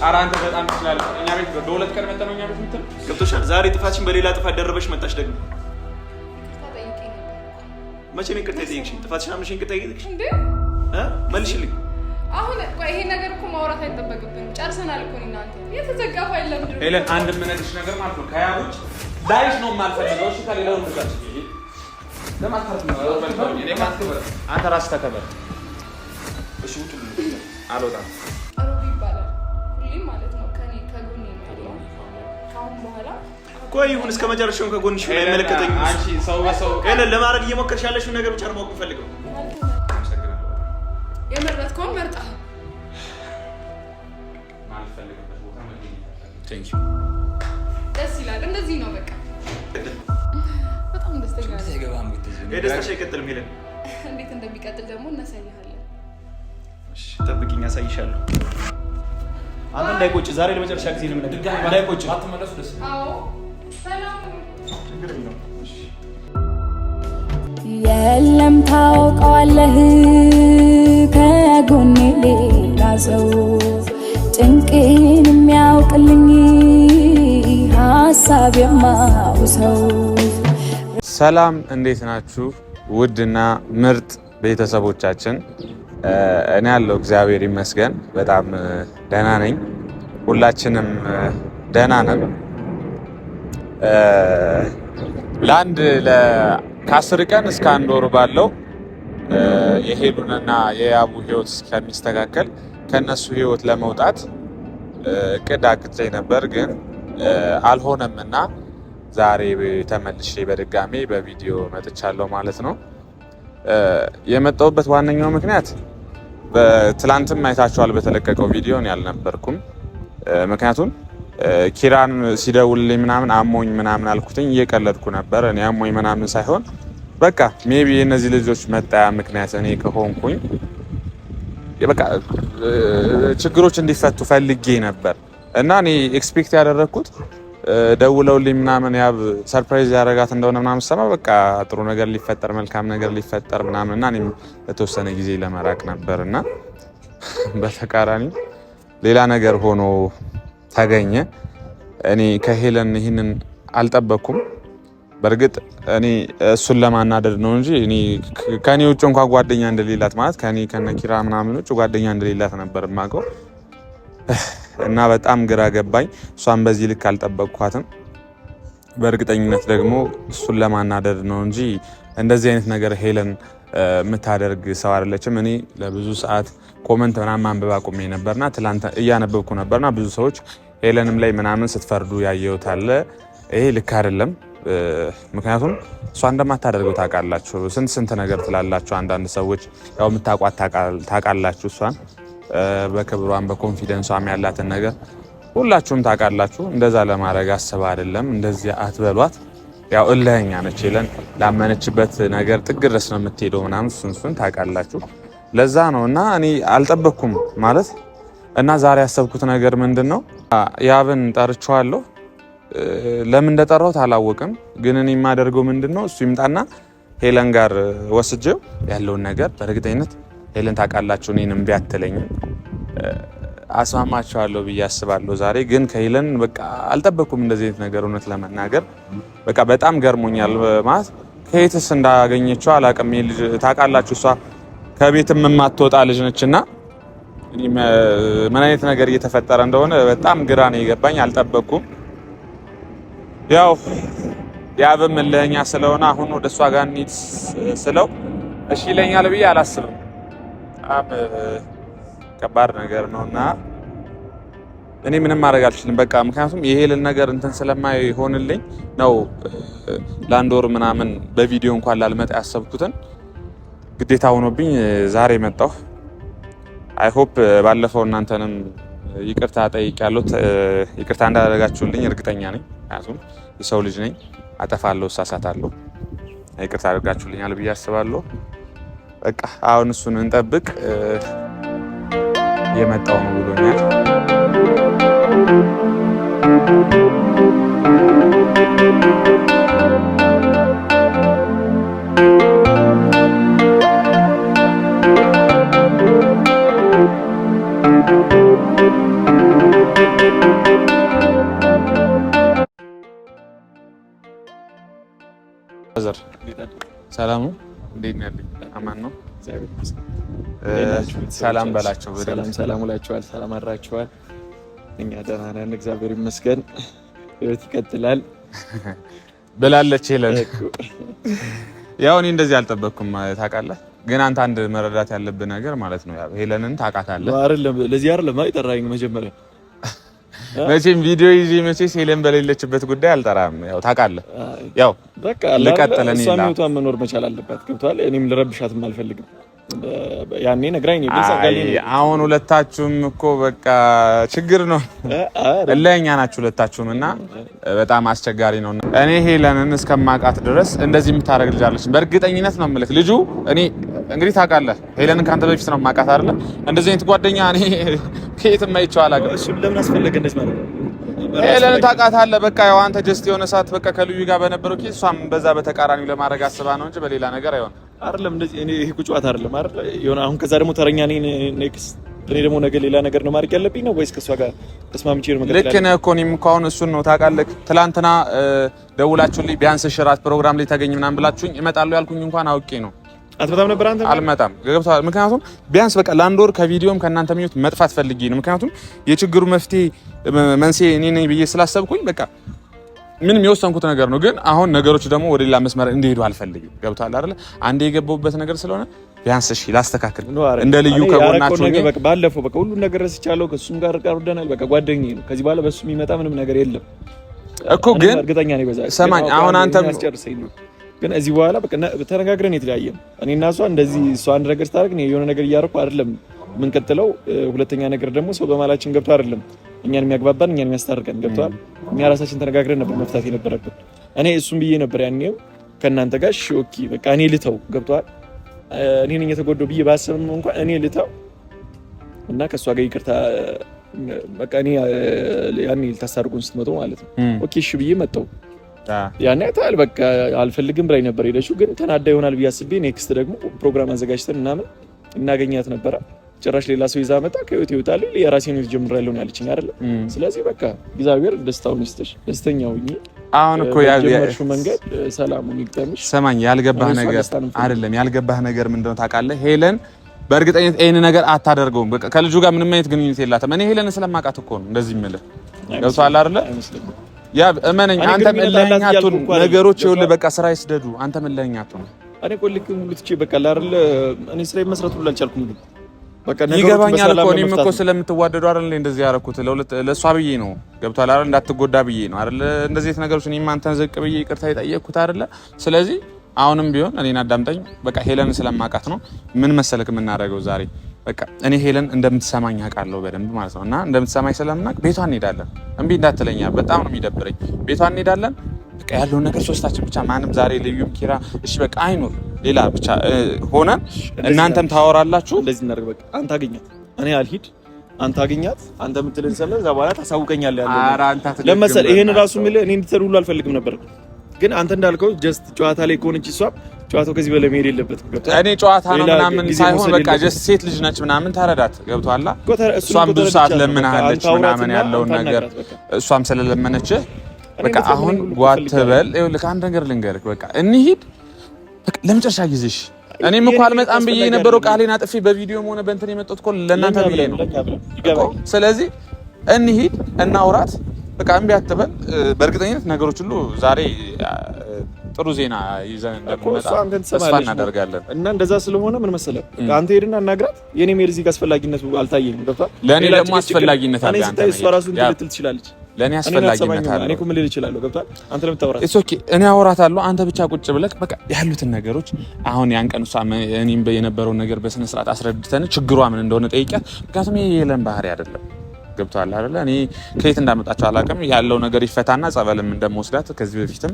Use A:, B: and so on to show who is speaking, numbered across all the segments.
A: ኧረ አንተ በጣም ትችላለህ። እኛ ቤት በሁለት ቀን መጣ ነው እኛ ቤት የምትል ገብቶሻል። ዛሬ ጥፋችን በሌላ ጥፋት ደረበሽ መጣሽ ደግሞ መቼ ነው ይቅርታ የጠየቅሽኝ? ጥፋትሽን አምነሽ ይቅርታ የጠየቅሽኝ እንዴ? መልሽልኝ።
B: አሁን ይሄ ነገር እኮ ማውራት አይጠበቅብንም። ጨርሰናል እኮ እኔ የተዘጋ ፋይል ለምንድን
A: ነው ሄለን? አንድ የምነግርሽ ነገር ማለት ነው ከያ ውጭ ነው የማልፈልገው። እሺ ከሌላ ወንድ ጋር አንተ ራስህ ተከበር እሺ። ውጡ። አልወጣም ቆይ ይሁን እስከ መጨረሻው ከጎንሽ ላይ መለከተኝ። አንቺ ሰው በሰው ኤለን ለማድረግ እየሞከርሽ ያለሽው ነገር ብቻ ነው ማወቅ ፈልገው።
B: የመረጥከውን ዩ ደስ ይላል። እንደዚህ ነው በቃ በጣም ደስተኛ
A: ደስታሽ አይቀጥልም። ኤለን
B: እንዴት እንደሚቀጥል ደግሞ
A: እሺ ጠብቂኝ፣ አሳይሻለሁ። አንተ እንዳይቆጭ ዛሬ ለመጨረሻ ጊዜ ነው የምነግርህ። እንዳይቆጭ አትመለሱ። ደስ
B: አዎ የለም ታውቀዋለህ፣ ከጎኔ ሌላ
A: ሰው ጭንቄን የሚያውቅልኝ ሀሳብ የማውሰው። ሰላም እንዴት ናችሁ? ውድና ምርጥ ቤተሰቦቻችን እኔ ያለው እግዚአብሔር ይመስገን በጣም ደህና ነኝ። ሁላችንም ደህና ነን። ለአንድ ከአስር ቀን እስከ አንድ ወር ባለው የሄሉንና የያቡ ህይወት እስከሚስተካከል ከእነሱ ህይወት ለመውጣት እቅድ አቅጄ ነበር፣ ግን አልሆነም እና ዛሬ ተመልሼ በድጋሜ በቪዲዮ መጥቻለሁ ማለት ነው። የመጣሁበት ዋነኛው ምክንያት ትላንትም አይታችኋል በተለቀቀው ቪዲዮ እኔ አልነበርኩም። ምክንያቱም ኪራን ሲደውልልኝ ምናምን አሞኝ ምናምን አልኩትኝ። እየቀለድኩ ነበር እኔ አሞኝ ምናምን ሳይሆን በቃ ሜቢ የእነዚህ ልጆች መጣያ ምክንያት እኔ ከሆንኩኝ በቃ ችግሮች እንዲፈቱ ፈልጌ ነበር እና እኔ ኤክስፔክት ያደረግኩት ደውለውልኝ ምናምን ያብ ሰርፕራይዝ ያደረጋት እንደሆነ ምናምን ሰማ በቃ ጥሩ ነገር ሊፈጠር መልካም ነገር ሊፈጠር ምናምን እና እኔም ለተወሰነ ጊዜ ለመራቅ ነበር እና በተቃራኒ ሌላ ነገር ሆኖ ተገኘ። እኔ ከሄለን ይህንን አልጠበኩም በእርግጥ እኔ እሱን ለማናደድ ነው እንጂ ከኔ ውጭ እንኳ ጓደኛ እንደሌላት ማለት ከኔ ኪራ ምናምን ውጭ ጓደኛ እንደሌላት ነበር የማውቀው እና በጣም ግራ ገባኝ። እሷን በዚህ ልክ አልጠበቅኳትም። በእርግጠኝነት ደግሞ እሱን ለማናደድ ነው እንጂ እንደዚህ አይነት ነገር ሄለን የምታደርግ ሰው አይደለችም። እኔ ለብዙ ሰዓት ኮመንት ምናምን ማንበብ አቁሜ ነበርና ትላንት እያነበብኩ ነበርና ብዙ ሰዎች ኤለንም ላይ ምናምን ስትፈርዱ ያየሁት አለ። ይሄ ልክ አይደለም። ምክንያቱም እሷ እንደማታደርገው ታውቃላችሁ። ስንት ስንት ነገር ትላላችሁ። አንዳንድ ሰዎች ያው የምታቋት ታውቃላችሁ። እሷን በክብሯን በኮንፊደንሷም ያላትን ነገር ሁላችሁም ታውቃላችሁ። እንደዛ ለማድረግ አስባ አይደለም። እንደዚህ አትበሏት። ያው እልህኛ ነች ኤለን። ላመነችበት ነገር ጥግ ድረስ ነው የምትሄደው ምናምን፣ እሱን እሱን ታውቃላችሁ። ለዛ ነው እና እኔ አልጠበኩም ማለት እና ዛሬ ያሰብኩት ነገር ምንድን ነው? ያብን ጠርቼዋለሁ። ለምን እንደጠራሁት አላወቅም፣ ግን እኔ የማደርገው ምንድን ነው? እሱ ይምጣና ሄለን ጋር ወስጄው ያለውን ነገር በእርግጠኝነት ሄለን ታውቃላችሁ፣ እኔን እምቢ አትለኝም፣ አስማማቸዋለሁ ብዬ አስባለሁ። ዛሬ ግን ከሄለን በቃ አልጠበኩም እንደዚህ አይነት ነገር። እውነት ለመናገር በቃ በጣም ገርሞኛል። ማለት ከየትስ እንዳገኘችው አላውቅም። ልጅ ታውቃላችሁ፣ እሷ ከቤትም የማትወጣ ልጅ ነች እና ምን አይነት ነገር እየተፈጠረ እንደሆነ በጣም ግራ ነው የገባኝ። አልጠበቅኩም። ያው ያብም እልህኛ ስለሆነ አሁን ወደ እሷ ጋር እንሂድ ስለው እሺ ይለኛል ብዬ አላስብም። በጣም ከባድ ነገር ነው እና እኔ ምንም ማድረግ አልችልም። በቃ ምክንያቱም የሄልን ነገር እንትን ስለማይሆንልኝ ነው ለአንድ ወር ምናምን በቪዲዮ እንኳን ላልመጣ ያሰብኩትን ግዴታ ሆኖብኝ ዛሬ መጣሁ። አይሆፕ ባለፈው እናንተንም ይቅርታ ጠይቄያለሁ። ይቅርታ እንዳደረጋችሁልኝ እርግጠኛ ነኝ። ምክንያቱም የሰው ልጅ ነኝ፣ አጠፋለሁ፣ እሳሳታለሁ። ይቅርታ አድርጋችሁልኛል ብዬ አስባለሁ። በቃ አሁን እሱን እንጠብቅ። የመጣው ነው ብሎኛል። Thank you. ሰላም እንዴት ነው ያለኝ? አማን ነው። ሰላም በላቸው።
B: ሰላም ሰላም ውላችኋል? ሰላም አድራችኋል? እኛ ደህና ነን፣ እግዚአብሔር ይመስገን። ህይወት ይቀጥላል
A: ብላለች ሄለን። ያው እኔ እንደዚህ አልጠበቅኩም ታውቃለህ። ግን አንተ አንድ መረዳት ያለብህ ነገር ማለት ነው ሄለንን ታውቃታለህ።
B: ለዚህ አይደለም አይጠራኝ መጀመሪያ
A: መቼም ቪዲዮ ይዤ መቼ ሴለን በሌለችበት ጉዳይ አልጠራም። ያው ታውቃለህ፣ ያው በቃ ልቀጥለን ይላል።
B: እሷ መኖር መቻል አለባት። ገብቶሃል። እኔም ልረብሻትም አልፈልግም። ያኔ ነግራኝ
A: አሁን ሁለታችሁም እኮ በቃ ችግር ነው፣ እለኛ ናችሁ ሁለታችሁም እና በጣም አስቸጋሪ ነው። እኔ ሄለንን እስከማውቃት ድረስ እንደዚህ የምታደርግ ልጅ አለች። በእርግጠኝነት ነው የምልህ። ልጁ እኔ እንግዲህ ታውቃለህ፣ ሄለንን ከአንተ በፊት ነው የማውቃት አይደለ? እንደዚህ አይነት ጓደኛ እኔ ከየት አይቼው
B: አላውቅም። ለምን አስፈለገ እንደዚህ
A: ሄለን ታውቃታለህ። በቃ ያው አንተ ጀስት የሆነ ሰዓት በቃ ከልዩ ጋር በነበረው ኬስ እሷም በዛ በተቃራኒው ለማድረግ አስባ ነው እንጂ በሌላ ነገር አይሆንም።
B: አይደለም እንደዚህ እኔ ይሄ ጨዋታ አይደለም አይደል? የሆነ አሁን ከዛ ደግሞ ተረኛ ነኝ ኔክስት እኔ ደግሞ ነገ ሌላ ነገር ነው ማድረግ ያለብኝ ነው ወይስ ከእሷ ጋር ተስማምቼ ነው
A: መቀጠል? ልክ ነህ እኮ እኔም እኮ አሁን እሱን ነው ታውቃለህ። ትላንትና ደውላችሁልኝ ቢያንስ ሽራት ፕሮግራም ላይ ታገኝ ምናምን ብላችሁኝ እመጣለሁ ያልኩኝ እንኳን አውቄ ነው።
B: አትመጣም ነበር አንተ?
A: አልመጣም ገብቶሃል። ምክንያቱም ቢያንስ በቃ ለአንድ ወር ከቪዲዮም ከእናንተ ምኞት መጥፋት ፈልጌ ነው። ምክንያቱም የችግሩ መፍትሄ መንስኤ እኔ ነኝ ብዬ ስላሰብኩኝ በቃ ምንም የወሰንኩት ነገር ነው። ግን አሁን ነገሮች ደግሞ ወደ ሌላ መስመር እንዲሄዱ አልፈልግም። ገብቷል አይደለ? አንዴ የገባሁበት ነገር ስለሆነ ቢያንስ እሺ ላስተካክል። እንደ ልዩ ከጎናቸው
B: ባለፈው በቃ ሁሉን ነገር ረስቻለሁ። ከእሱም ጋር ቀርደናል። በቃ ጓደኛዬ ነው። ከዚህ በኋላ በእሱ የሚመጣ ምንም ነገር የለም
A: እኮ ግን እርግጠኛ ነኝ። በዛ ሰማኝ። አሁን አንተም ነው
B: ግን እዚህ በኋላ በቃ ተነጋግረን የተለያየ እኔ እና እሷ እንደዚህ እሷ አንድ ነገር ስታደርግ የሆነ ነገር እያደረኩ አይደለም የምንቀጥለው። ሁለተኛ ነገር ደግሞ ሰው በማላችን ገብቶ አይደለም እኛን የሚያግባባን እኛን የሚያስታርቀን ገብተዋል። እኛ ራሳችን ተነጋግረን ነበር መፍታት የነበረብን። እኔ እሱም ብዬ ነበር ያኔው ከእናንተ ጋር እሺ፣ ኦኬ፣ በቃ እኔ ልተው ገብተዋል። እኔን እየተጎደው ብዬ ባስብም እንኳን እኔ ልተው እና ከእሷ ጋር ይቅርታ በቃ እኔ ያኔ ስትመጡ ማለት ነው። ኦኬ እሺ ብዬ መጠው ያኔ አይተሃል፣ በቃ አልፈልግም ብላኝ ነበር ሄደችው። ግን ተናዳ ይሆናል ብዬ አስቤ ኔክስት ደግሞ ፕሮግራም አዘጋጅተን ምናምን እናገኛት ነበረ። ጭራሽ ሌላ ሰው ይዛ መጣ ከህይወት ይወጣል የራሴን ህይወት ጀምራ ያለውን ያለችኝ አይደለ። ስለዚህ በቃ እግዚአብሔር ደስታውን ይስጥሽ፣ ደስተኛ ሁኚ።
A: አሁን እኮ የጀመርሽው መንገድ ሰላሙን ይግጠምሽ። ሰማኝ፣ ያልገባህ ነገር አይደለም። ያልገባህ ነገር ምንድን ነው ታውቃለህ? ሄለን በእርግጠኝነት ይህን ነገር አታደርገውም። በቃ ከልጁ ጋር ምንም አይነት ግንኙነት የላትም። እኔ ሄለን ስለማውቃት እኮ ነው እንደዚህ የምልህ። ገብቶሃል አይደለ? ያ እመነኝ፣ አንተም እልኸኛ ነገሮች ይኸውልህ በቃ ስራ ይስደዱ። አንተም እልኸኛ አትሁን።
B: እኔ እኮ ልክ ሙሉ ትቼ በቃ አይደለ እኔ ስራ መስራት ሁሉ አልቻልኩም
A: ይገባኛል እኮ እኔም እኮ ስለምትዋደዱ አይደል እንደዚህ ያደረኩት ለእሷ ብዬ ነው። ገብቷል አይደል? እንዳትጎዳ ብዬ ነው አይደል? እንደዚህ ነገር ነገሮች እኔም አንተን ዝቅ ብዬ ይቅርታ የጠየቅኩት አይደለ? ስለዚህ አሁንም ቢሆን እኔን አዳምጠኝ። በቃ ሄለን ስለማውቃት ነው። ምን መሰለክ የምናደርገው ዛሬ በቃ እኔ ሄለን እንደምትሰማኝ አውቃለሁ በደንብ ማለት ነው። እና እንደምትሰማኝ ስለምናውቅ ቤቷ እንሄዳለን። እምቢ እንዳትለኛ። በጣም ነው የሚደብረኝ። ቤቷ እንሄዳለን በቃ ያለውን ነገር ሶስታችን ብቻ ማንም ዛሬ ልዩም ኪራ እሺ በቃ አይኖር ሌላ ብቻ ሆነን እናንተም ታወራላችሁ።
B: እንደዚህ እናደርግ በቃ አንተ አገኛት እኔ አልሂድ አንተ አገኛት አንተ የምትልን ሰለ እዛ በኋላ ታሳውቀኛለህ። ያለ ለመሰል ይሄን ራሱ የሚል እኔ እንድትሰሩ ሁሉ አልፈልግም ነበር፣ ግን አንተ እንዳልከው ጀስት ጨዋታ ላይ ከሆነች እሷ ጨዋታው ከዚህ በላይ መሄድ የለበትም።
A: ገብቶሃል? እኔ ጨዋታ ነው ምናምን ሳይሆን በቃ ጀስት ሴት ልጅ ነች ምናምን ተረዳት። ገብቶሃል? እሷም ብዙ ሰዓት ለምናለች ምናምን ያለውን ነገር እሷም ስለለመነችህ በቃ አሁን ጓተበል ይኸውልህ፣ አንድ ነገር ልንገርህ። በቃ እንሂድ ለመጨረሻ ጊዜሽ። እኔም እኮ አልመጣም ብዬ የነበረው ቃሌን አጥፌ በቪዲዮም ሆነ በእንትን የመጣሁት እኮ ለእናንተ ብዬ ነው። ስለዚህ እንሂድ፣ እናውራት። በቃ እምቢ አትበል። በእርግጠኝነት ነገሮች ሁሉ ዛሬ ጥሩ ዜና ይዘን እንደምንመጣ ተስፋ እናደርጋለን።
B: እና እንደዛ ስለሆነ ምን መሰለህ አንተ ሄድና እናግራት። የኔ ሜል እዚህ አስፈላጊነቱ አልታየኝም። ገብቷል።
A: ለእኔ ደግሞ አስፈላጊነት
B: አለ። አንተ እሷ ራሱ እንትን ልትል ትችላለች
A: ለእኔ አስፈላጊነት አለው።
B: እኔ ምን ልል እችላለሁ? ገብቷል። አንተ ለምታወራት
A: ኢትስ ኦኬ፣ እኔ አወራታለሁ። አንተ ብቻ ቁጭ ብለህ በቃ ያሉትን ነገሮች አሁን ያን ቀን እሷ እኔም የነበረውን ነገር በስነ ስርዓት አስረድተን ችግሯ ምን እንደሆነ ጠይቂያት። ምክንያቱም ይሄ የለን ባህሪ አይደለም። ገብቷል አይደለ? እኔ ከየት እንዳመጣቸው አላውቅም። ያለው ነገር ይፈታና ጸበልም እንደምወስዳት ከዚህ በፊትም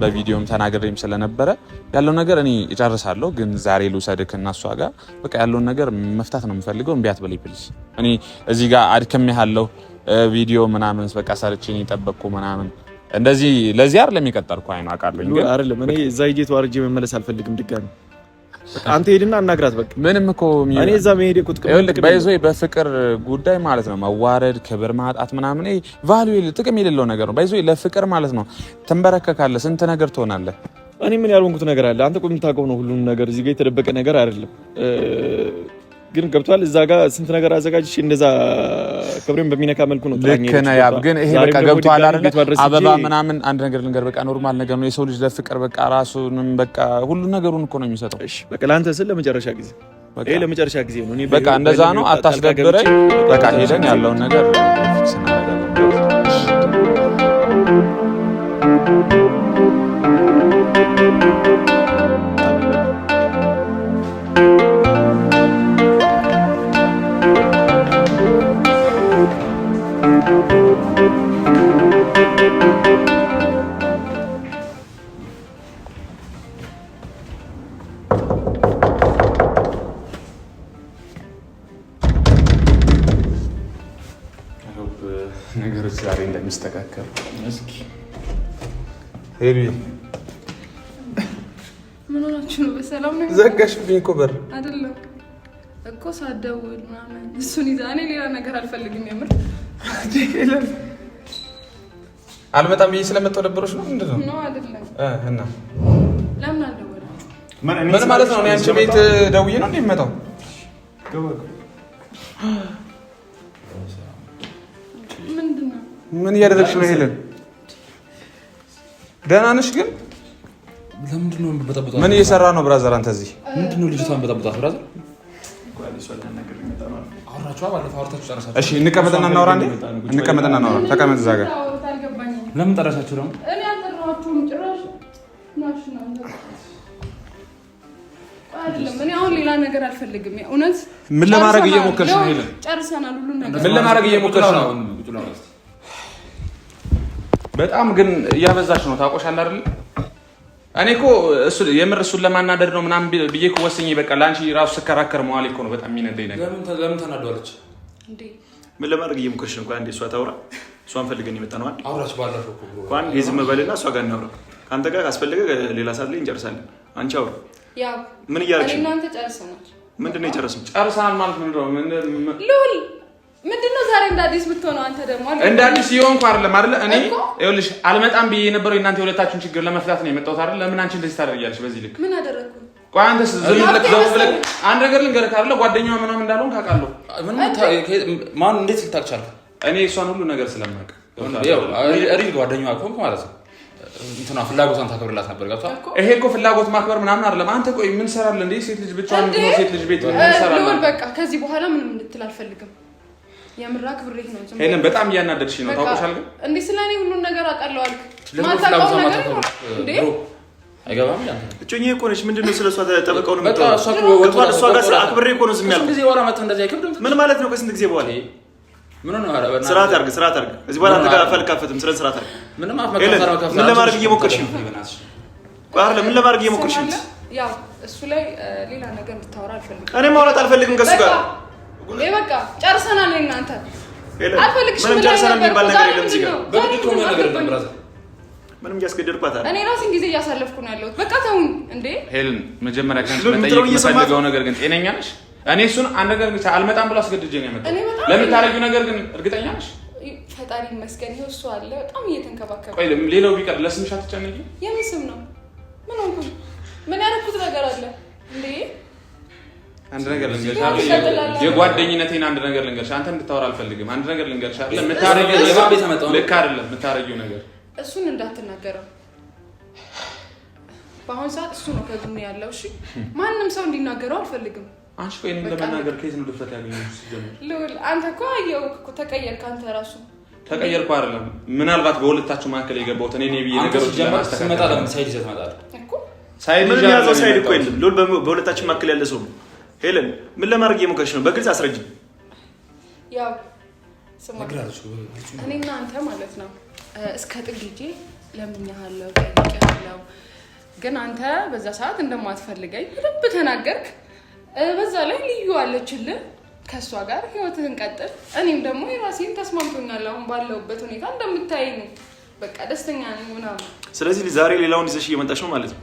A: በቪዲዮም ተናግሬም ስለነበረ ያለው ነገር እኔ እጨርሳለሁ። ግን ዛሬ ልውሰድክ እና እሷ ጋር በቃ ያለውን ነገር መፍታት ነው የምፈልገው። እምቢ አትበለኝ ፕሊዝ። እኔ እዚህ ጋር አድክሜሃለሁ ቪዲዮ ምናምን በቃ ሰርችን ይጠበቅኩ ምናምን እንደዚህ ለዚህ አር የቀጠርኩ። አይ አውቃለሁ ግን
B: አይደለም እኔ እዛ ሂጄ ተዋርጄ መመለስ አልፈልግም ድጋሚ። አንተ ሄድና አናግራት በቃ ምንም እኮ እኔ እዛ መሄድ እኮ
A: በፍቅር ጉዳይ ማለት ነው መዋረድ፣ ክብር ማጣት ምናምን ቫሉ ጥቅም የሌለው ነገር ነው። ባይዞ ለፍቅር ማለት ነው ትንበረከካለ፣ ስንት ነገር ትሆናለ።
B: እኔ ምን ያልሆንኩት ነገር አለ? አንተ ቁም የምታውቀው ነው ሁሉም ነገር። እዚህ ጋር የተደበቀ ነገር አይደለም። ግን ገብቷል። እዛ ጋር ስንት ነገር አዘጋጅ እንደዛ ክብሬን በሚነካ መልኩ ነው።
A: ልክ ነህ ያብ። ግን ይሄ በቃ ገብቷል አይደለ? አበባ ምናምን አንድ ነገር ልንገር፣ በቃ ኖርማል ነገር ነው። የሰው ልጅ ለፍቅር በቃ ራሱንም በቃ ሁሉ ነገሩን እኮ ነው የሚሰጠው። እሺ
B: በቃ ለአንተ ስል ለመጨረሻ ጊዜ ይሄ ለመጨረሻ ጊዜ ነው።
A: እኔ በቃ እንደዛ ነው። አታስደብረኝ። በቃ ሄደን ያለውን ነገር ስናደርጋለን እንዲስተካከሉ
B: ምን ሆናችሁ ነው? በሰላም ነው?
A: ዘጋሽብኝ እኮ በር
B: አይደለም እኮ ሳትደውል ምናምን እሱን ይዛ እኔ ሌላ ነገር አልፈልግም። የምር
A: አልመጣም ብዬ ስለመጣሁ ደበሮች ነው
B: ምንድን ነው? አይደለም እና ለምን አልደወላችሁም?
A: ምን ማለት ነው? እኔ አንቺ ቤት ደውዬ ነው እንደሚመጣው ምን እያደረግሽ ነው? ሄለን ደህና ነሽ? ግን ምን እየሰራ ነው ብራዘር? አንተ እዚህ
B: ምንድነው? ልጅቷን በጠብጣት ብራዘር።
A: እሺ እንቀመጥና እናውራ። እንዴ እንቀመጥና እናውራ። ተቀመጥ እዛ ጋር።
B: ለምን ጠራሻችሁ ደግሞ? እኔ ሌላ ነገር አልፈልግም። እውነት
A: ምን ለማድረግ እየሞከርሽ ነው?
B: ጨርሰናል። ነገር
A: ምን ለማድረግ እየሞከርሽ ነው? በጣም ግን እያበዛሽ ነው። ታውቆሻል አይደል? እኔ እኮ እሱ የምር እሱን ለማናደድ ነው ምናምን ብዬ እኮ ወሰኝ። በቃ ለአንቺ ራሱ ስከራከር መዋል እኮ ነው በጣም የሚነደኝ
B: ነገር። ለምን ተናደዋለች?
A: ምን ለማድረግ እየሞከርሽ ነው? አንዴ እሷ ታውራ። እሷን ፈልገን የመጣ ነው።
B: አውራች ባለፈው
A: እኮ አንዴ ዝም በልና እሷ ጋር እናውራ። ከአንተ ጋር አስፈልገ ሌላ ሰዓት ላይ እንጨርሳለን። አንቺ አውራ። ምን እያደረግሽ ነው? ምንድን ነው የጨረስነው?
B: ጨርሰናል ማለት ምን ነው? ምንድነው ዛሬ እንደ አዲስ የምትሆነው? አንተ
A: ደግሞ እንደ አዲስ የሆንኩ አይደለም አይደለ? እኔ ይኸውልሽ አልመጣም ብዬ የነበረው የእናንተ የሁለታችሁን ችግር ለመፍታት ነው የመጣሁት አይደል? ለምን አንቺ እንደዚህ ታደርጊያለሽ? በዚህ ልክ ምን አደረግኩ? ቆይ አንተስ ዝም ብለህ ዘው ብለህ አንድ ነገር ልንገርህ አይደለ? ጓደኛዋ ምናምን እንዳልሆንክ አውቃለሁ።
B: ምንም ማን እንዴት ልታቅ ቻልክ?
A: እኔ እሷን ሁሉ ነገር ስለማውቅ ሪል ጓደኛዋ ከሆንክ ማለት ነው እንትና ፍላጎቷን ታከብርላት ነበር። ገብቷል። ይሄ እኮ ፍላጎት ማክበር ምናምን አይደለም። አንተ ቆይ ምን ሰራለህ እንዴ? ሴት ልጅ
B: ብቻዋን ሴት ልጅ ቤት ምን ሰራለህ? በቃ ከዚህ በኋላ ምንም እንድትል አልፈልግም። የምራክ ብሬክ ነው።
A: ይሄንን በጣም እያናደድሽ ነው ታውቀሻል። ግን
B: እንዴ ስለ እኔ ሁሉን ነገር አውቃለሁ አልክ። ማታውቀው ነገር እንዴ
A: አይገባም። እጮኛ እኮ ነች። ምንድን ነው ስለ እሷ ጠብቀው ነው የምትወጣው? እሷ ጋር ስለ አክብሬ እኮ ነው ዝም
B: ያልኩት። ጊዜ በኋላ መጥተህ እንደዚህ አይከብድም።
A: ምን ማለት ነው? ከስንት ጊዜ በኋላ ምን ነው? አረ በእናትህ ስርዓት አድርግ፣ ስርዓት አድርግ። እዚህ በኋላ አንተ ጋር አፍ አልካፈትም። ስለ ስርዓት አድርግ። ምንም አፍ ነው? አልካፈትም። ምን ለማድረግ እየሞከርሽ ነው? ቆይ ምን ለማድረግ እየሞከርሽ ነው?
B: ያው እሱ ላይ ሌላ ነገር እንድታወራ አልፈልግም።
A: እኔ ማውራት አልፈልግም ከእሱ ጋር
B: በቃ ጨርሰናል። የሚባል
A: ነገር የለም። እዚህ ጋር በግድ ከሆነ ነገር
B: ምንም እያስገደድኳት አይደል? እኔ ራሴን ጊዜ እያሳለፍኩ ነው ያለሁት። በቃ ተውን እንዴ
A: ሄልን። መጀመሪያ ከአንቺ መጠየቅ የምፈልገው ነገር ግን ጤነኛ ነሽ? እኔ እሱን አንድ ነገር ብቻ አልመጣም ብሎ አስገድጄ ነው ያመጣው። ለምታረጊው ነገር ግን እርግጠኛ ነሽ?
B: ፈጣሪ ይመስገን ይኸው እሱ አለ። በጣም እየተንከባከበ
A: ቆይ። ሌላው ቢቀር ለስምሽ አትጨነቂ።
B: የምን ስም ነው? ምን ሆንኩኝ? ምን ያደረኩት ነገር አለ እንዴ?
A: አንድ ነገር ልንገርሽ፣ የጓደኝነቴን አንድ ነገር ልንገርሽ። አንተ እንድታወራ አልፈልግም። አንድ ነገር ልንገርሽ አለ የምታረጊው ልክ አይደለም። የምታረጊው ነገር
B: እሱን እንዳትናገረው በአሁን ሰዓት እሱ ነው ከጎኔ ያለው። እሺ ማንም ሰው እንዲናገረው አልፈልግም።
A: አንቺ ቆይ ለመናገር ከየት ነው ድፍረት ያገኘሁት?
B: ሲጀምር አንተ እኮ አየው ተቀየርክ። አንተ ራሱ
A: ተቀየርኩ አይደለም። ምናልባት በሁለታችሁ መካከል የገባሁት እኔ እኔ ብዬሽ
B: ነገሮች ስመጣ ለምን ሳይድ ይዘህ ትመጣለህ?
A: ሳይድ እኮ የለም። ልውል መካከል ያለ ሰው ነው ሄለን ምን ለማድረግ የሞከርሽ ነው? በግልጽ አስረጅ።
B: ያው እኔና አንተ ማለት ነው እስከ ጥግ ለምን ለምኜሃለሁ፣ ጠይቄሃለሁ። ግን አንተ በዛ ሰዓት እንደማትፈልገኝ ልብ ተናገርክ። በዛ ላይ ልዩ አለችልህ ከእሷ ጋር ህይወትህን ቀጥል። እኔም ደግሞ የራሴን ተስማምቶኛል። አሁን ባለሁበት ሁኔታ እንደምታይ ነው። በቃ ደስተኛ ነኝ ምናምን።
A: ስለዚህ ዛሬ ሌላውን ይዘሽ እየመጣሽ ነው ማለት ነው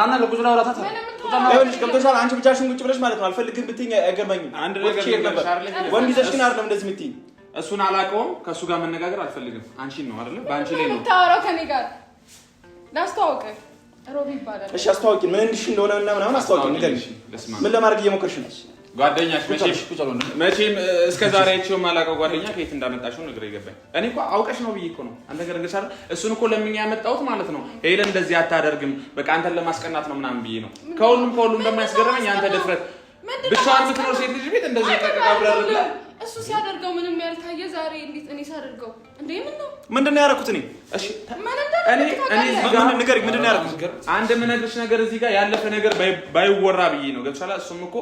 A: አና ለብዙ ላውራታ ገብቶሻል። አንቺ ብቻሽን ቁጭ ብለሽ ማለት ነው አልፈልግም ብትይኝ አይገባኝም። አንድ ነገር ወንድ ይዘሽ ግን አይደለም እንደዚህ የምትይኝ። እሱን አላውቀውም። ከእሱ ጋር መነጋገር አልፈልግም። አንቺን ነው አይደለ? በአንቺ ላይ ነው
B: የምታወራው። ከኔ ጋር ላስተዋውቅ፣ ሮቢ ይባላል።
A: እሺ አስተዋውቂ። ምን እንድሽ እንደሆነ እና ምናምን አስተዋውቂ። ምን ለማድረግ እየሞከርሽ ነው? ጓደኛሽ መቼም እስከ ዛሬ አይቼው የማላውቀው ጓደኛ ከየት እንዳመጣሽው ነገር ይገባኝ። እኔ እኮ አውቀሽ ነው ብዬ እኮ ነው አንተ ነገር እንግዲህ እሱን እኮ ለምኛ ያመጣሁት ማለት ነው። ሄለን እንደዚህ አታደርግም፣ በቃ አንተን ለማስቀናት ነው ምናምን ብዬ ነው። ከሁሉም ከሁሉም ደግሞ ያስገረመኝ አንተ ድፍረት ብቻዋን የምትኖር ሴት ልጅ ቤት እንደዚህ ተቀቃብራለች።
B: እሱ ሲያደርገው ምንም ያልታየ ዛሬ እንዴት እኔ ሳደርገው እንዴ ምን ነው
A: ምንድን ነው ያደረኩት? እኔ እሺ እኔ እኔ ነገር ምንድን ነው ያደረኩት? አንድ የምነግርሽ ነገር እዚህ ጋር ያለፈ ነገር ባይወራ ብዬ ነው። ገብቶሻል? እሱም እኮ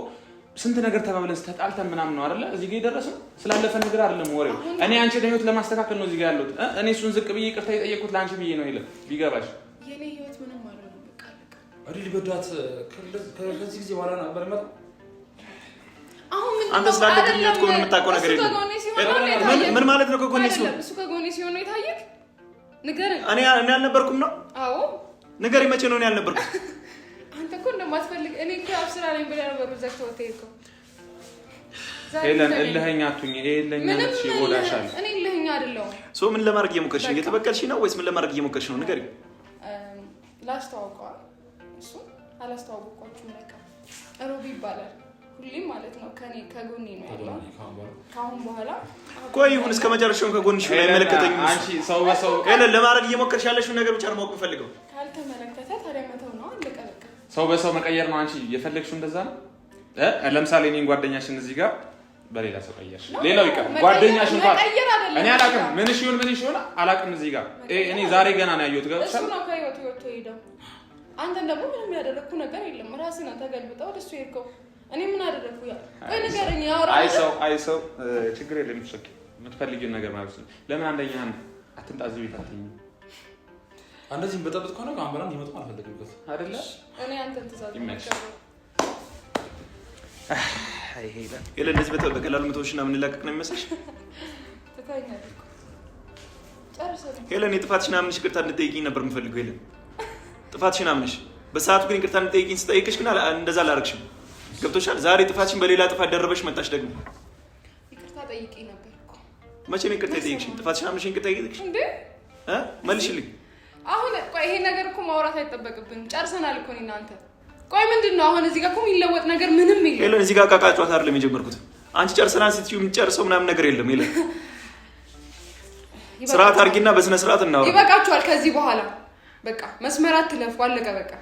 A: ስንት ነገር ተባብለን ተጣልተን ምናምን ነው አይደለ? እዚህ ጋር የደረስነው ስላለፈ ነገር አይደለም ወሬው። እኔ አንቺ ህይወት ለማስተካከል ነው እዚህ ጋር ያለሁት። እኔ እሱን ዝቅ ብዬ ይቅርታ የጠየቅኩት ለአንቺ ብዬ ነው። የለም ቢገባሽ ሊበዳት ከዚህ ጊዜ በኋላ ነበር መጣ አንተ ከሆነ የምታውቀው ነገር የለም። ምን ማለት ነው? ከጎኔ ሲሆን
B: እሱ ከጎኔ ሲሆን ነው የታየህ? ንገረኝ።
A: እኔ አልነበርኩም ነው? አዎ ንገረኝ። መቼ ነው እኔ አልነበርኩም
B: እኮ እንደማትፈልግ እኔ እኮ አብስራ ስራ ነኝ ብለህ ነበር ዘግተኸው ትሄድከው።
A: ሄለን እልኸኛ አትሁኝ። ይሄ እልኸኛነት ይጎዳሻል።
B: እኔ እልኸኛ አይደለሁም።
A: ሶ ምን ለማድረግ እየሞከርሽ ነው? እየተበቀልሽ ነው ወይስ ምን ለማድረግ እየሞከርሽ ነው? ንገሪኝ። ላስተዋውቀዋል። እሱ አላስተዋወቅኳችሁም። በቃ ሮቢ ይባላል። ሁሌም ማለት ነው ከኔ ከጎኔ ነው ያለው። ከአሁን በኋላ ቆይ ይሁን እስከ መጨረሻውን ከጎንሽ ላይ አይመለከተኝም። ለማድረግ እየሞከርሽ ያለሽውን ነገር ብቻ ነው ማወቅ የምፈልገው። ካልተመለከተ ታዲያ መተው ነው ሰው በሰው መቀየር ነው አንቺ የፈለግሽው፣ እንደዛ ነው። ለምሳሌ እኔን ጓደኛሽን እዚህ ጋር በሌላ ሰው ቀየርሽ። ሌላው ይቀር ጓደኛሽ እንኳን እኔ አላቅም፣ ምን ይሁን ምን ይሁን አላቅም። እዚህ ጋር እኔ ዛሬ ገና ነው ያየሁት። ጋር እሱ ነው ከህይወት ወጥቶ ሄደው፣ አንተን ደግሞ ምንም ያደረግኩ ነገር የለም። ራስህ ነው ተገልብጠው ወደ እሱ ሄድከው። እኔ ምን አደረግኩ? ያ ወይ ነገር እኔ ያወራ አይ ሰው አይ ሰው ችግር የለም። የምትፈልጊውን ነገር ማለት ነው። ለምን አንደኛህን አትምጣ እዚህ ቤት አትይኝም እንደዚህ በጠብጥ ከሆነ ከአንበራ እንዲመጡ አልፈለግበት አይደለ? እኔ አንተን ትእዛዝ እንደዚህ በቀላሉ መቶዎችና የምንላቀቅ ነው የሚመስልሽ? ሄለን የጥፋትሽን አምነሽ ይቅርታ እንድጠይቂኝ ነበር የምፈልገው። ሄለን ጥፋትሽን አምነሽ በሰዓቱ ግን ይቅርታ እንድጠይቂኝ ስጠይቅሽ ግን እንደዛ አላረግሽም። ገብቶሻል? ዛሬ ጥፋትሽን በሌላ ጥፋት ደረበሽ መጣሽ ደግሞ ይቅርታ ጠይቂኝ ነበር። መቼም ይቅርታ የጠየቅሽኝ ጥፋትሽን አምነሽ ይቅርታ መልሽልኝ አሁን ቆይ ይሄ ነገር እኮ ማውራት አይጠበቅብንም። ጨርሰናል እኮ እኔ ቆይ ምንድን ነው አሁን እዚህ ጋር እኮ የሚለወጥ ነገር ምንም የለም። እዚህ ጋር ዕቃ ጨዋታ አይደለም የጀመርኩት። አንቺ ጨርሰናል ስትዪው የምትጨርሰው ምናምን ነገር የለም። የለም ስርዓት አድርጊና በስነ ስርዓት እናወራ። ይበቃችኋል። ከዚህ በኋላ በቃ መስመር አትለፉ። አለቀ በቃ።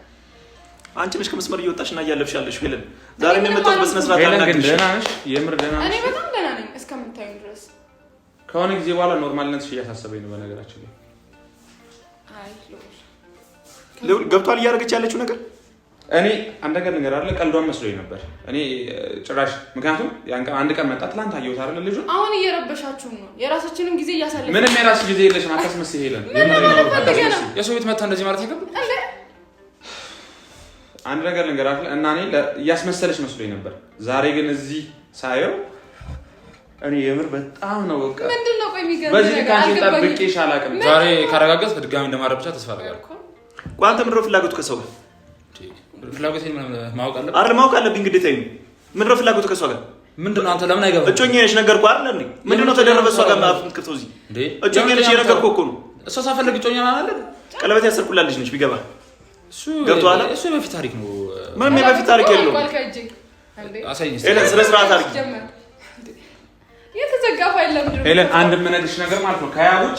A: አንቺ ነሽ ከመስመር እየወጣሽ እና እያለፍሽ ያለሽው። ሄለን ዛሬ የመጣሁት። በስነ ስርዓት አናግሪሽ። ደህና ነሽ? የምር ደህና ነሽ? እኔ በጣም ደህና ነኝ እስከምታዩ ድረስ። ከሆነ ጊዜ በኋላ ኖርማልነትሽ እያሳሰበኝ ነው በነገራችን ላይ ገብቷል እያደረገች ያለችው ነገር። እኔ አንድ ነገር ነገር አለ ቀልዷን መስሎኝ ነበር እኔ ጭራሽ። ምክንያቱም አንድ ቀን መጣ፣ ትላንት አየሁት አይደለ ልጁ። አሁን እየረበሻችሁ ነው፣ የራሳችንም ጊዜ እያሳለ ምንም የራስ ጊዜ የለሽም። አታስመስይ ሄለን። የሰው ቤት መታ እንደዚህ ማለት ይገባል አንድ ነገር ነገር አለ እና እኔ እያስመሰለች መስሎኝ ነበር። ዛሬ ግን እዚህ ሳየው እኔ የምር በጣም ነው በቃ ምንድነው ቆይ የሚገርም በዚህ ልክ አንቺን ጠብቄሽ አላውቅም። ዛሬ ካረጋገጽ በድጋሚ እንደማረብሻ ተስፋ አደርጋለሁ። ቆይ አንተ ምድረ ፍላጎት ከሰው ጋር ፍላጎት ማወቅ አለብህ አይደል? ማወቅ አለብኝ ግዴታ ይሁን። ምድረ ፍላጎት ከሷ ጋር ምንድነው? አንተ ለምን አይገባም? እጮኛ ነሽ ነገርኩህ አይደል? እንዴ ምንድነው ተደረበ እሷ ጋር ማፍን ክፍተው እዚህ እንዴ እጮኛ ነሽ የነገርኩህ እኮ ነው። እሷ ሳፈልግ እጮኛ ማለት ቀለበት ያሰርኩላት ልጅ ነች ቢገባ እሱ ገብቶሃል። እሱ የበፊት ታሪክ ነው። ምንም የበፊት ታሪክ የለውም። ስነ ስርዓት አድርጊ የተዘጋ ፋይል ለምንድን ነው ሄለን? አንድ የምነግርሽ ነገር ማለት ነው ከያ ውጭ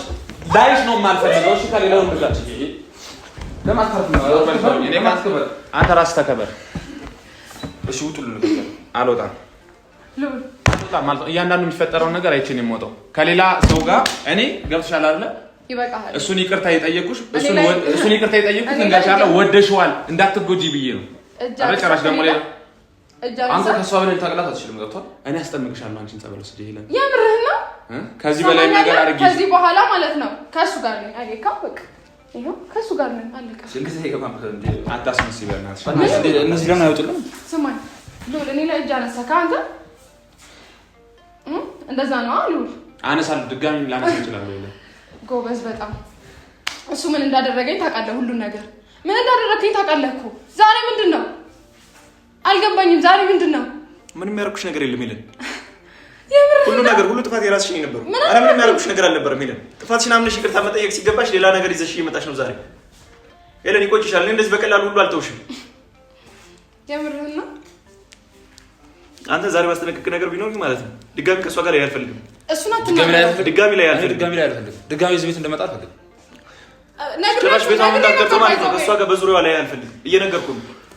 A: ላይሽ ነው የማልፈልገው። እሺ ከሌላ ወንድ አንተ ራስህ ተከበር። እሺ ውጡ። አልወጣም ማለት ነው እያንዳንዱ የሚፈጠረውን ነገር አይቼ ነው የምወጣው። ከሌላ ሰው ጋር እኔ ገብቶሻል አይደለ? እሱን ይቅርታ እሱን ይቅርታ ወደሽዋል እንዳትጎጂ ብዬ ነው። ጨራሽ ደግሞ ሌላ አንተ ከሷ በላይ ልታገላት አትችልም። ገብቷል። እኔ አስጠምቅሻለሁ። አንቺን ጸበል ወስድ ይሄ የምርህን ነው። ከዚህ በላይ ነገር አድርጊ። ከዚህ በኋላ ማለት ነው ከእሱ ጋር ነኝ አሌካ። በቃ ጋር ስማኝ ላይ እንደዛ ነው ድጋሚ ላነሳ ጎበዝ፣ በጣም እሱ ምን እንዳደረገኝ ታውቃለህ። ሁሉን ነገር ምን እንዳደረገኝ ታውቃለህ እኮ ዛሬ ምንድን ነው አልገባኝም። ዛሬ ምንድን ነው? ምንም ያደረኩሽ ነገር የለም ሄለን። ሁሉ ነገር ሁሉ ጥፋት የራስሽ ነው የነበረው። አረ ምንም ያደረኩሽ ነገር አልነበረም ሄለን። ጥፋትሽን አምነሽ ይቅርታ መጠየቅ ሲገባሽ ሌላ ነገር ይዘሽ እየመጣሽ ነው ዛሬ። ሄለን ይቆጭሻል። እኔ እንደዚህ በቀላሉ ሁሉ አልተውሽም። የምርህን ነው? አንተ ዛሬ ማስጠነቅቅ ነገር ቢኖር ማለት ነው ድጋሚ ከእሷ ጋር ላይ አልፈልግም። እሱን አትናገር። ድጋሚ ላይ አልፈልግም። ድጋሚ እዚህ ቤት እንደመጣ አልፈልግም። ጭራሽ ቤቷ እንዳትገባ ማለት ነው። ከእሷ ጋር በዙሪያዋ ላይ አልፈልግም። እየነገርኩህ ነው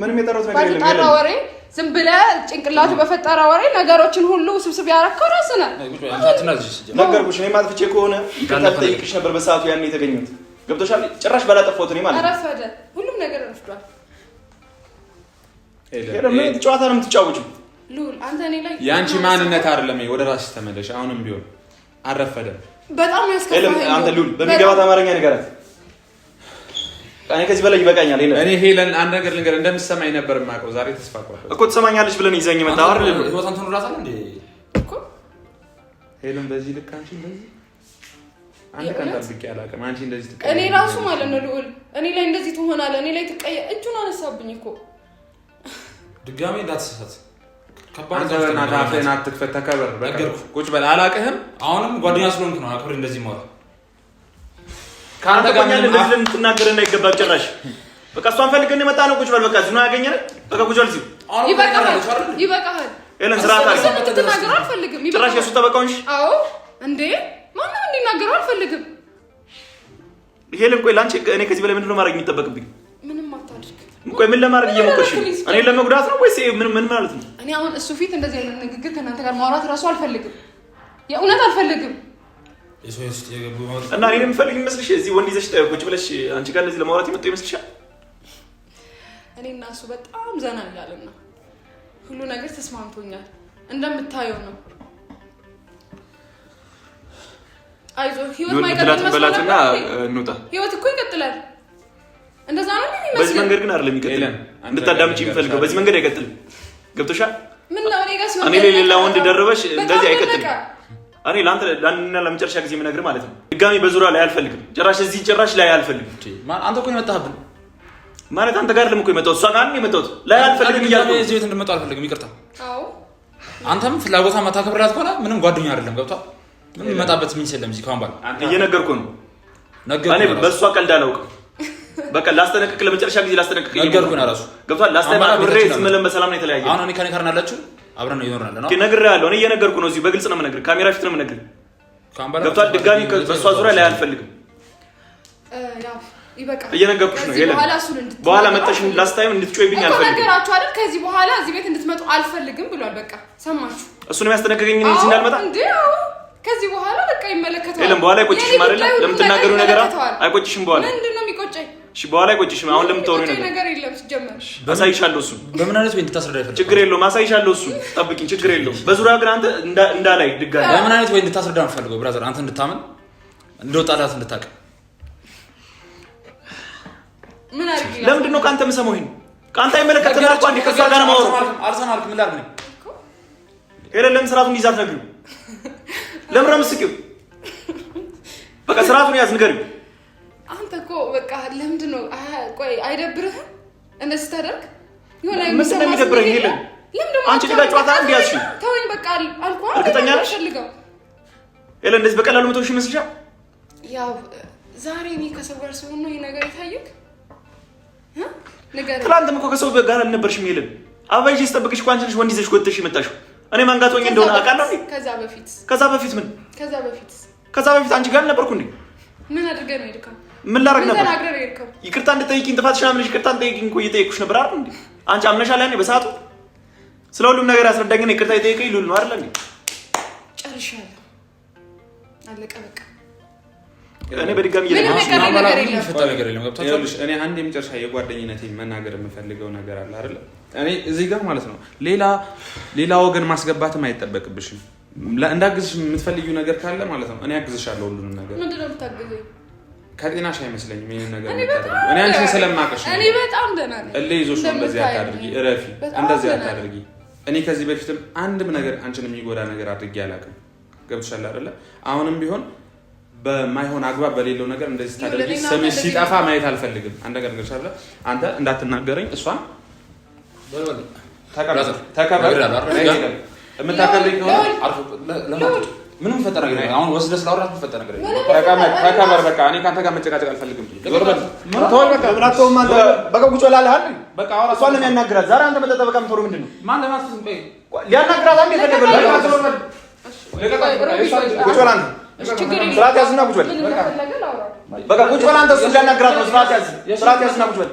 A: ምንም የጠሩት ነገር የለም። ባልጠራ ወሬ ዝም ብለህ ጭንቅላቱ በፈጠረ ወሬ ነገሮችን ሁሉ ስብስብ ያደረከው እራስህ ነህ። ነገርኩሽ፣ እኔ ማጥፍቼ ከሆነ ጠይቅሽ ነበር በሰዓቱ ያን የተገኘሁት ገብቶሻል። ጭራሽ ባላጠፋሁት እኔ ማለት ነው። ሁሉም ነገር ምን ጨዋታ ነው የምትጫወችው። የአንቺ ማንነት አይደለም። ወደ ራስሽ ተመለሽ። አሁንም ቢሆን አረፈደም። በጣም ያስከፋ አንተ ሉል በሚገባት አማርኛ ንገራት እኔ ከዚህ በላይ ይበቃኛል። እኔ ሄለን አንድ ነገር ልንገር፣ እንደምትሰማኝ ነበር የማውቀው። ዛሬ ተስፋ ቆርጠህ እኮ ትሰማኛለች ብለን ይዘኝ መጣ አይደል? ሄለን በዚህ ልክ አንቺ እንደዚህ አንድ ቀን ጠብቄ አላውቅም። አንቺ እንደዚህ ትቀየር፣ እኔ ራሱ ማለት ነው ልዑል እኔ ላይ እንደዚህ ትሆናለህ፣ እኔ ላይ ትቀየር። እጁን አነሳብኝ እኮ ድጋሜ እንዳትሳሳት። ከባድ ነው። አፍህን አትክፈት፣ ተከበር። ቁጭ በል። አላውቅህም። አሁንም ጓደኛ ስለሆንክ ነው አክብር እንደዚህ ማለት ከአንተ ጋር እንደዚህ ልትናገር እንዳይገባ ጭራሽ በቃ እሷን ፈልገን የመጣ ነው። ቁጭ በል በቃ ዝም ነው ያገኘን። በቃ ቁጭ በል እዚሁ። ይበቃሃል፣ ይበቃሃል። ኤለን ስርዓት አለ። ልትናገር አልፈልግም። ጭራሽ የእሱ ጠበቃው እንጂ። አዎ እንዴ ማንም እንዲናገረው አልፈልግም። ሄለን ቆይ፣ ለአንቺ እኔ ከዚህ በላይ ምንድን ነው ማድረግ የሚጠበቅብኝ? ምንም አታድርግ። ቆይ ምን ለማድረግ እየሞከርሽ ነው? እኔ ለመጉዳት ነው ወይስ ምን ምን ማለት ነው? እኔ አሁን እሱ ፊት እንደዚህ አይነት ንግግር ከእናንተ ጋር ማውራት እራሱ አልፈልግም። የእውነት አልፈልግም። እና እኔ የምፈልግ ይመስልሽ እዚህ ወንድ ይዘሽ ቁጭ ብለሽ አንቺ ጋር እንደዚህ ለማውራት የመጣው ይመስልሻል? እኔ እና እሱ በጣም ዘና እያልን ነው። ሁሉ ነገር ተስማምቶኛል፣ እንደምታየው ነው። አይዞህ ህይወት ማይቀጥል መስላትና እንውጣ። ህይወት እኮ ይቀጥላል። እንደዛ ነው የሚመስለው። በዚህ መንገድ ግን አይደለም የሚቀጥለው። እንድታዳምጪ የሚፈልገው በዚህ መንገድ አይቀጥልም። ገብቶሻል? ምን ነው እኔ ጋር ሲሆን እኔ ሌላ ወንድ ደረበሽ እንደዚህ አይቀጥልም። እኔ ለአንተ ለአንድና ለመጨረሻ ጊዜ የምነግርህ ማለት ነው፣ ድጋሚ በዙሪያ ላይ አልፈልግም። ጭራሽ እዚህ ጭራሽ ላይ አልፈልግም። አንተ እኮ የመጣህብን ማለት አንተ ጋር ለምኮ የመጣሁት እሷ ጋር የመጣሁት ላይ አልፈልግም እያልኩ እዚህ ቤት እንድመጣ አልፈልግም። ይቅርታ። አንተም ፍላጎቷን ማታከብርላት ከሆነ ምንም ጓደኛ አይደለም። ገብቷል። ምን የመጣበት ምን የለም እዚህ ካሁን በኋላ እየነገርኩህ ነው። እኔ በእሷ ቀልድ አላውቅም። በቃ ላስጠነቅቅህ፣ ለመጨረሻ ጊዜ ላስጠነቅቅህ። ነገርኩህ ነው ራሱ ገብቷል። ላስጠነቅቅህ። ብሬ ዝም ብለን በሰላም ነው የተለያየን። አሁን እኔ ከኔ ካርናላችሁ አብረን ነው ይኖርናል ነው ያለው እኔ እየነገርኩህ ነው። እዚህ በግልጽ ነው የምነግርህ፣ ካሜራ ፊት ነው የምነግርህ። ገብቶሃል? ድጋሚ በእሷ ዙሪያ ላይ አልፈልግም። እየነገርኩሽ ነው። በኋላ መጠሽ ላስታይም እንድትጮይብኝ አልፈልግም። ነገራችሁ አይደል ከዚህ በኋላ እዚህ ቤት እንድትመጡ አልፈልግም ብሏል። በቃ ሰማችሁ? እሱን የሚያስጠነቀቀኝ እኔ እዚህ እንዳልመጣ ከዚህ በኋላ በቃ ይመለከተዋል። በኋላ አይቆጭሽም አይደለም? ለምትናገሪው ነገር አይቆጭሽም በኋላ እሺ በኋላ ይቆጭሽ። አሁን ለምታወሪው ነገር ነገር የለም። ሲጀመርሽ አሳይሻለሁ። እሱ በምን አይነት ወይን ታስረዳ ይፈልጋል? ችግር የለውም። አሳይሻለሁ። እሱ ጠብቂኝ፣ ችግር የለውም። በዙሪያ ግን አንተ እንዳላይ ድጋሚ በምን አይነት ወይን ታስረዳ ነው ፈልገው ብራዘር፣ አንተ እንድታምን እንደወጣላት እንድታውቅ ምን አርግ። ለምንድን ነው ከአንተ የምሰማው? ይሄን ከአንተ አይመለከትም እኮ አንዴ ከዛ ጋር ማወሩ አልሰማልክ። ምን ላድርግ ነው ሄደን ለምን ስርዓቱን ይዛት ነግሪው። ለምን ነው የምትስቂው? በቃ ስርዓቱን ያዝ ንገሪው አንተ እኮ በቃ ለምንድን ነው ቆይ አይደብርህም? እንደዚህ ስታደርግ የሆነ የሚሰማስለሚደብረኝ ይልን አንቺ ልጋ ጨዋታ እንዲያዝ ተወኝ በቃ አልኩህ። እርግጠኛ ነሽ ለ እንደዚህ በቀላሉ መቶ ሺህ ይመስልሻል? ያው ዛሬ እኔ ከሰው ጋር ሲሆን ነው ይህ ነገር የታየክ። ትላንትም እኮ ከሰው ጋር አልነበርሽም። ይልን አበይ ስጠብቅሽ እኮ አንቺ ነሽ ወንድ ይዘሽ ጎትተሽ የመጣሽው። እኔ ማንጋት ወኝ እንደሆነ አውቃለሁ። ከዛ በፊት ከዛ በፊት ምን ከዛ በፊት ከዛ በፊት አንቺ ጋር አልነበርኩ እንዴ? ምን አድርገህ ነው የሄድከው? ምን ላደርግ ነበር? ይቅርታ እንድጠይቂኝ ጥፋትሽን አምነሽ ይቅርታ እንድጠይቂኝ እኮ እየጠየቅኩሽ ነበር አይደል እንዴ? አንቺ አምነሻል ያኔ በሰዓቱ ስለ ሁሉም ነገር ያስረዳኝና ይቅርታ የጠየቀኝ ሉል ነው አይደል እንዴ? ጨርሻለሁ። አለቀ በቃ። እኔ በድጋሚ እኔ አንድ የመጨረሻ የጓደኝነቴን መናገር የምፈልገው ነገር አለ አይደለ? እኔ እዚህ ጋር ማለት ነው ሌላ ሌላ ወገን ማስገባትም አይጠበቅብሽም። እንዳግዝሽ የምትፈልጊው ነገር ካለ ማለት ነው እኔ አግዝሻለሁ ሁሉንም ነገር ከጤናሽ አይመስለኝም። ይህን ነገር እኔ አንቺ ስለማቀሽ እኔ በጣም ደህና ነኝ። ይዞሽ እንደዚህ አታድርጊ፣ እረፊ፣ እንደዚህ አታድርጊ። እኔ ከዚህ በፊትም አንድም ነገር አንቺን የሚጎዳ ነገር አድርጌ አላውቅም። ገብቶሻል አይደለ? አሁንም ቢሆን በማይሆን አግባብ በሌለው ነገር እንደዚህ ታደርጊ ስምሽ ሲጠፋ ማየት አልፈልግም። አንድ ነገር ገብቶሻል። አንተ እንዳትናገረኝ እሷን ተከብረህ የምታከብረኝ ከሆነ ምንም ፈጠረ ነገር አሁን ወስደ ስለአወራት ፈጠራ ነገር ተቀመጥ። በቃ እኔ ከአንተ ጋር መጨቃጨቅ አልፈልግም። በቃ ቁጭ ብላለህ አይደል? በቃ እሷን ነው ዛሬ። አንተ መጠጠህ በቃ የምትወሩ ምንድን ነው? ማን ሊያናግራት አንዴ ፈለገ ቁጭ በል አንተ ስርዓት ያዝና ቁጭ በል። በቃ ቁጭ በል አንተ እሱን ሊያናግራት ነው። ስርዓት ያዝ፣ ስርዓት ያዝና ቁጭ በል።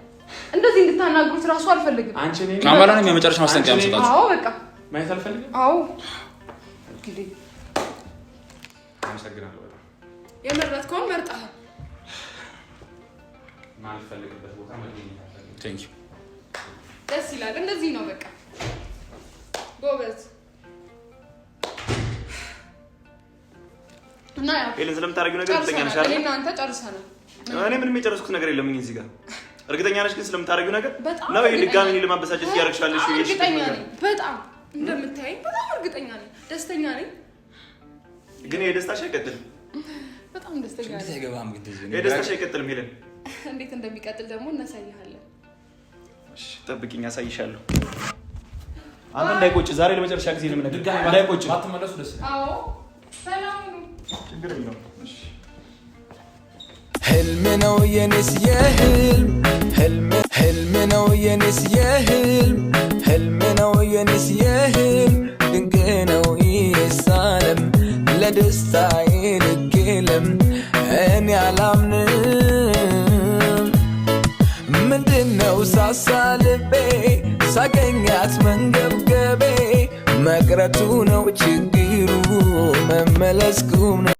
A: እንደዚህ እንድታናግሩት ራሱ አልፈልግም። አማራ ነው የመጨረሻ ማስጠንቀቂያ የምሰጣችሁ። አዎ በቃ ማየት አልፈልግም። አዎ እንግዲህ አመሰግናለሁ። የመረጥከውን መርጣ ማልፈልግበት ቦታ ደስ ይላል። እንደዚህ ነው በቃ ጎበዝ እና ያው ስለምታደርጊው ነገር እኔ ምንም የጨረስኩት ነገር የለም እዚህ ጋር እርግጠኛ ነሽ ግን ስለምታደርጊው ነገር ነው? ይሄ ድጋሚ እኔ ለማበሳጨት እያደረግሻለሽ? እርግጠኛ ነኝ፣ በጣም እንደምታይ በጣም እርግጠኛ ነኝ። ደስተኛ ነኝ፣ ግን ይሄ ደስታሽ አይቀጥልም። በጣም ደስተኛ ነኝ፣ ይሄ ደስታሽ አይቀጥልም። ይለን እንዴት እንደሚቀጥል ደግሞ እናሳይሃለን። ጠብቂኝ፣ አሳይሻለሁ። አንተ እንዳይቆጭ፣ ዛሬ ለመጨረሻ ጊዜ ነው የምነግርህ። እንዳይቆጭ፣ አትመለሱ። ደስ አዎ፣ ሰላም ነው። ችግር የለውም። እሺ ህልም ነው የኔስ የህልም ህልም ነው የኔስ የህልም ህልም ነው የኔስ የህልም ድንቅ ነው ይሳለም ለደስታ ይንግለም እኔ አላምንም ምንድነው ሳሳ ልቤ ሳገኛት መንገብገቤ መቅረቱ ነው ችግሩ መመለስ ቁም ነው